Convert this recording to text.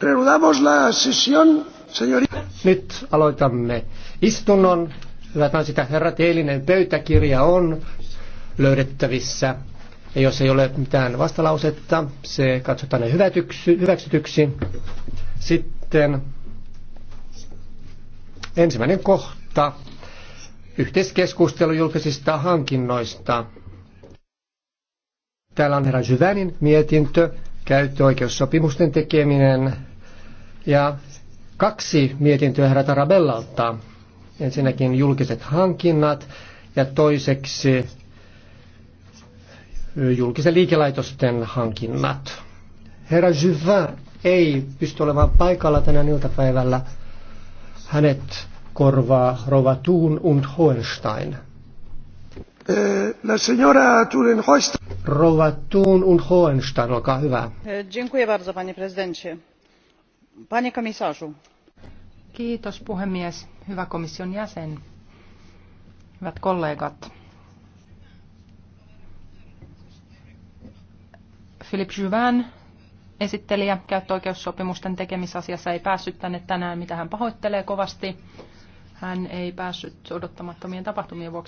Reanudamos la sesión, Nyt aloitamme istunnon. Hyvät naiset ja herrat, eilinen pöytäkirja on löydettävissä. Ja jos ei ole mitään vastalausetta, se katsotaan hyväksytyksi. Sitten ensimmäinen kohta. Yhteiskeskustelu julkisista hankinnoista. Täällä on herra Syvänin mietintö, käyttöoikeussopimusten tekeminen ja kaksi mietintöä herra Tarabellalta. Ensinnäkin julkiset hankinnat ja toiseksi julkisen liikelaitosten hankinnat. Herra Juvin ei pysty olemaan paikalla tänä iltapäivällä. Hänet korvaa Rova Thun und Hohenstein. La señora Turen Hohenstein. Rova Thun und Hohenstein, olkaa hyvä. Dziękuję bardzo, panie prezydencie Panie komisarzu. Kiitos puhemies, hyvä komission jäsen, hyvät kollegat. Philippe Juvin esittelijä käyttöoikeussopimusten tekemisasiassa ei päässyt tänne tänään, mitä hän pahoittelee kovasti. Hän ei päässyt odottamattomien tapahtumien vuoksi.